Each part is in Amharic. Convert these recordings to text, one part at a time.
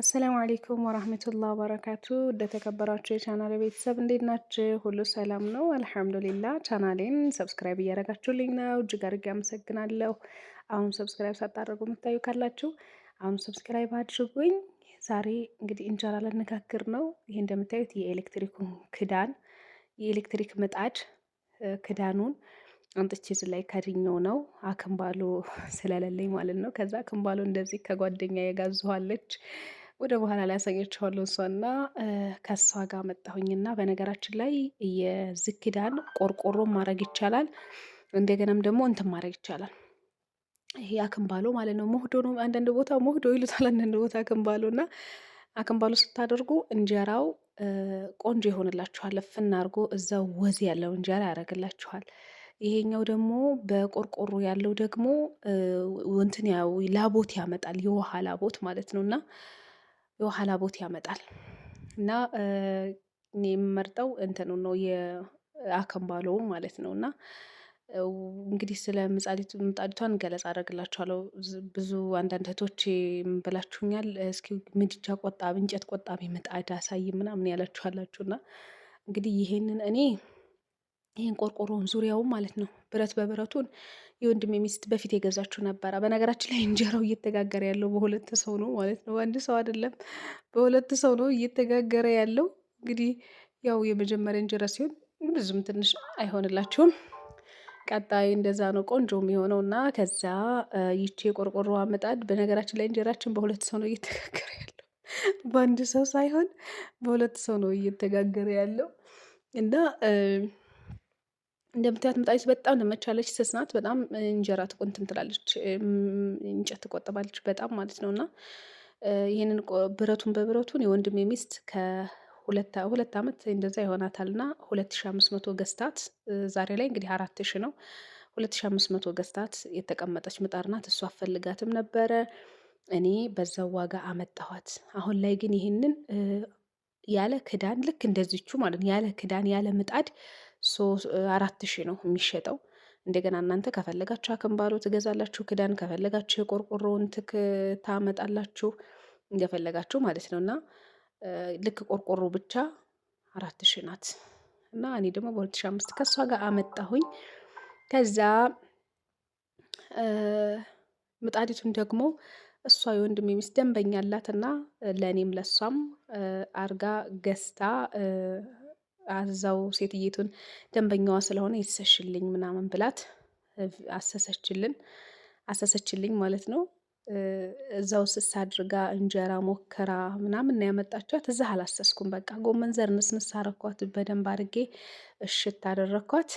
አሰላሙ አሌይኩም ወራህመቱላህ ወበረካቱ። እንደተከበራችሁ የቻናል ቤተሰብ እንዴት ናችሁ? ሁሉ ሰላም ነው? አልሐምዱሊላ። ቻናሌን ሰብስክራይብ እያደረጋችሁልኝ ነው፣ እጅግ አድርጌ አመሰግናለሁ። አሁን ሰብስክራይብ ሳታደርጉ የምታዩ ካላችሁ አሁን ሰብስክራይብ አድርጉኝ። ዛሬ እንግዲህ እንጀራ ልንጋግር ነው። ይሄ እንደምታዩት የኤሌክትሪኩን ክዳን የኤሌክትሪክ ምጣድ ክዳኑን አምጥቼ እዚህ ላይ ከድኜው ነው አክምባሎ ስለሌለኝ ማለት ነው። ከዛ አክምባሎ እንደዚህ ከጓደኛ የጋዝኋለች ወደ በኋላ ላይ ያሳያችኋለሁ። እሷና ከእሷ ጋር መጣሁኝና በነገራችን ላይ የዚህ ክዳን ቆርቆሮ ማድረግ ይቻላል። እንደገናም ደግሞ እንትን ማድረግ ይቻላል። ይሄ አክንባሎ ማለት ነው። ሞህዶ ነው። አንዳንድ ቦታ ሞህዶ ይሉታል፣ አንዳንድ ቦታ አክንባሎ እና አክንባሎ ስታደርጉ እንጀራው ቆንጆ ይሆንላችኋል። እፍና አድርጎ እዛ ወዝ ያለው እንጀራ ያደርግላችኋል። ይሄኛው ደግሞ በቆርቆሮ ያለው ደግሞ እንትን ያው ላቦት ያመጣል፣ የውሃ ላቦት ማለት ነው እና የኋላ ቦት ያመጣል እና እኔ የምመርጠው እንትኑ ነው የአከምባሎውም ማለት ነው እና እንግዲህ ስለ ምጣዲቷን ገለጻ አደርግላችኋለሁ። ብዙ አንዳንድ እህቶች ብላችሁኛል፣ እስኪ ምድጃ ቆጣቢ እንጨት ቆጣቢ ምጣድ አሳይ ምናምን እና እንግዲህ ይሄንን እኔ ይህን ቆርቆሮን ዙሪያውን ማለት ነው ብረት በብረቱን የወንድሜ ሚስት በፊት የገዛችው ነበረ። በነገራችን ላይ እንጀራው እየተጋገረ ያለው በሁለት ሰው ነው ማለት ነው፣ አንድ ሰው አይደለም፣ በሁለት ሰው ነው እየተጋገረ ያለው። እንግዲህ ያው የመጀመሪያ እንጀራ ሲሆን ብዙም ትንሽ አይሆንላችሁም። ቀጣይ እንደዛ ነው ቆንጆ የሚሆነው እና ከዛ ይቺ የቆርቆሮ ምጣድ በነገራችን ላይ እንጀራችን በሁለት ሰው ነው እየተጋገረ ያለው፣ በአንድ ሰው ሳይሆን በሁለት ሰው ነው እየተጋገረ ያለው እና እንደምታያት ምጣይቱ በጣም ለመቻለች ስስናት በጣም እንጀራ ትቆንትም ትላለች፣ እንጨት ትቆጥባለች በጣም ማለት ነው። እና ይህንን ብረቱን በብረቱን የወንድሜ የሚስት ከሁለት ዓመት እንደዛ ይሆናታል እና ሁለት ሺ አምስት መቶ ገዝታት ዛሬ ላይ እንግዲህ አራት ሺ ነው። ሁለት ሺ አምስት መቶ ገዝታት የተቀመጠች ምጣድ ናት። እሷ አፈልጋትም ነበረ እኔ በዛው ዋጋ አመጣኋት። አሁን ላይ ግን ይህንን ያለ ክዳን ልክ እንደዚቹ ማለት ነው ያለ ክዳን ያለ ምጣድ አራት ሺህ ነው የሚሸጠው። እንደገና እናንተ ከፈለጋችሁ አክንባሎ ትገዛላችሁ። ክዳን ከፈለጋችሁ የቆርቆሮውን ትክ ታመጣላችሁ እንደፈለጋችሁ ማለት ነው። እና ልክ ቆርቆሮ ብቻ አራት ሺህ ናት። እና እኔ ደግሞ በሁለት ሺህ አምስት ከእሷ ጋር አመጣሁኝ። ከዛ ምጣዲቱን ደግሞ እሷ የወንድሜ ሚስት ደንበኛ አላት እና ለእኔም ለእሷም አርጋ ገዝታ አዛው ሴትየቱን ደንበኛዋ ስለሆነ ይሰሽልኝ ምናምን ብላት አሰሰችልን አሰሰችልኝ ማለት ነው። እዛው ስስ አድርጋ እንጀራ ሞከራ ምናምን ያመጣችኋት። እዛ አላሰስኩም። በቃ ጎመን ዘር ንስንስ አረኳት፣ በደንብ አድርጌ እሽት አደረኳት።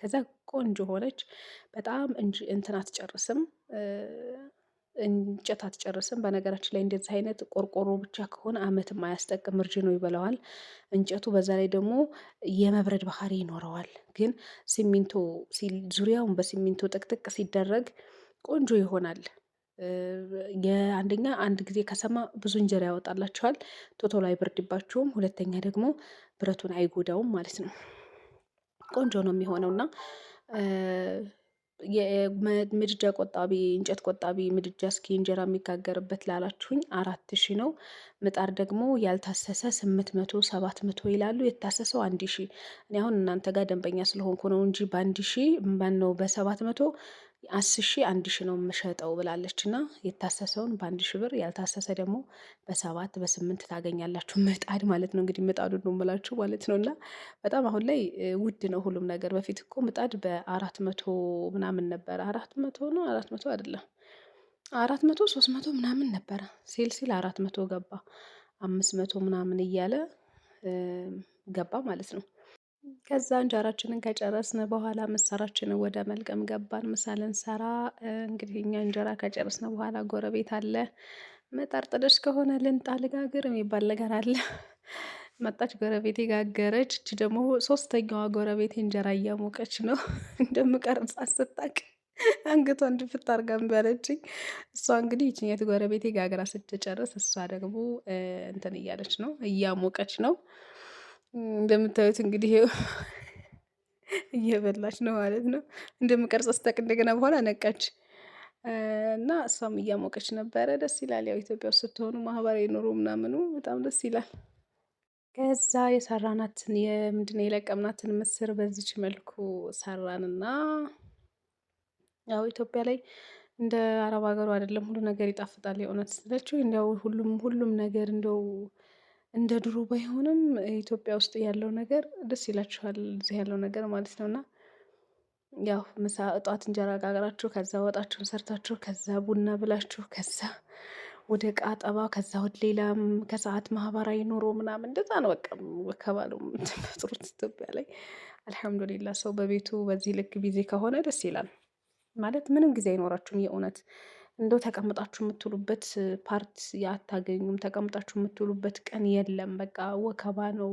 ከዛ ቆንጆ ሆነች። በጣም እንትን አትጨርስም። እንጨት አትጨርስም። በነገራችን ላይ እንደዚህ አይነት ቆርቆሮ ብቻ ከሆነ አመትም አያስጠቅም፣ እርጅኖ ይበላዋል እንጨቱ። በዛ ላይ ደግሞ የመብረድ ባህሪ ይኖረዋል። ግን ሲሚንቶ ዙሪያውን በሲሚንቶ ጥቅጥቅ ሲደረግ ቆንጆ ይሆናል። የአንደኛ አንድ ጊዜ ከሰማ ብዙ እንጀራ ያወጣላቸዋል፣ ቶቶሎ አይበርድባችሁም። ሁለተኛ ደግሞ ብረቱን አይጎዳውም ማለት ነው። ቆንጆ ነው የሚሆነውና ምድጃ ቆጣቢ እንጨት ቆጣቢ ምድጃ እስኪ እንጀራ የሚጋገርበት ላላችሁኝ አራት ሺ ነው። ምጣድ ደግሞ ያልታሰሰ ስምንት መቶ ሰባት መቶ ይላሉ። የታሰሰው አንድ ሺ እኔ አሁን እናንተ ጋር ደንበኛ ስለሆንኩ ነው እንጂ በአንድ ሺ ማን ነው በሰባት መቶ አስር ሺ አንድ ሺ ነው የምሸጠው ብላለች እና የታሰሰውን በአንድ ሺ ብር ያልታሰሰ ደግሞ በሰባት በስምንት ታገኛላችሁ። ምጣድ ማለት ነው እንግዲህ ምጣዱ ነው የምላችሁ ማለት ነው። እና በጣም አሁን ላይ ውድ ነው ሁሉም ነገር። በፊት እኮ ምጣድ በአራት መቶ ምናምን ነበረ። አራት መቶ ነው አራት መቶ አይደለም አራት መቶ ሶስት መቶ ምናምን ነበረ። ሲል ሲል አራት መቶ ገባ አምስት መቶ ምናምን እያለ ገባ ማለት ነው። ከዛ እንጀራችንን ከጨረስን በኋላ ምሳራችንን ወደ መልቀም ገባን። ምሳ ልንሰራ እንግዲህ እኛ እንጀራ ከጨረስን በኋላ ጎረቤት አለ መጣርጥደሽ ከሆነ ልምጣ ልጋግር የሚባል ነገር አለ። መጣች ጎረቤት የጋገረች። እች ደግሞ ሶስተኛዋ ጎረቤት እንጀራ እያሞቀች ነው እንደምቀርጻ ስታቅ አንገቷ እንድፍት አድርጋ በለችኝ። እሷ እንግዲህ ይችኛት ጎረቤት ጋግራ ስትጨርስ፣ እሷ ደግሞ እንትን እያለች ነው እያሞቀች ነው። እንደምታዩት እንግዲህ እየበላች ነው ማለት ነው። እንደምቀርጽ ስታቅ እንደገና በኋላ ነቃች እና እሷም እያሞቀች ነበረ። ደስ ይላል። ያው ኢትዮጵያ ውስጥ ስትሆኑ ማህበራዊ ኑሮ ምናምኑ በጣም ደስ ይላል። ከዛ የሰራናትን የምንድን ነው የለቀምናትን ምስር በዚች መልኩ ሰራንና ያው ኢትዮጵያ ላይ እንደ አረብ ሀገሩ አይደለም ሁሉ ነገር ይጣፍጣል። የእውነት ስለችው እንዲያው ሁሉም ሁሉም ነገር እንደው እንደ ድሮ ባይሆንም ኢትዮጵያ ውስጥ ያለው ነገር ደስ ይላችኋል እዚህ ያለው ነገር ማለት ነው። እና ያው ምሳ እጧት እንጀራ ጋግራችሁ ከዛ ወጣችሁን ሰርታችሁ ከዛ ቡና ብላችሁ ከዛ ወደ ዕቃ ጠባ ከዛ ወደ ሌላም ከሰዓት ማህበራዊ ኑሮ ምናምን እንደዛ ነው። በቃ ወከባሉ የምትፈጥሩት ኢትዮጵያ ላይ አልሐምዱሊላ። ሰው በቤቱ በዚህ ልክ ቢዚ ከሆነ ደስ ይላል ማለት ምንም ጊዜ አይኖራችሁም የእውነት እንደው ተቀምጣችሁ የምትውሉበት ፓርት አታገኙም። ተቀምጣችሁ የምትውሉበት ቀን የለም። በቃ ወከባ ነው፣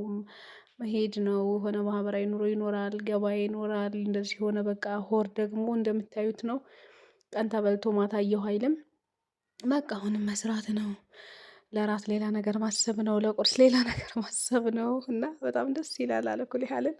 መሄድ ነው፣ የሆነ ማህበራዊ ኑሮ ይኖራል፣ ገበያ ይኖራል፣ እንደዚህ የሆነ በቃ ሆር ደግሞ እንደምታዩት ነው። ቀን ተበልቶ ማታ የው አይልም። በቃ አሁንም መስራት ነው። ለራት ሌላ ነገር ማሰብ ነው፣ ለቁርስ ሌላ ነገር ማሰብ ነው እና በጣም ደስ ይላል አለኩል ያህልን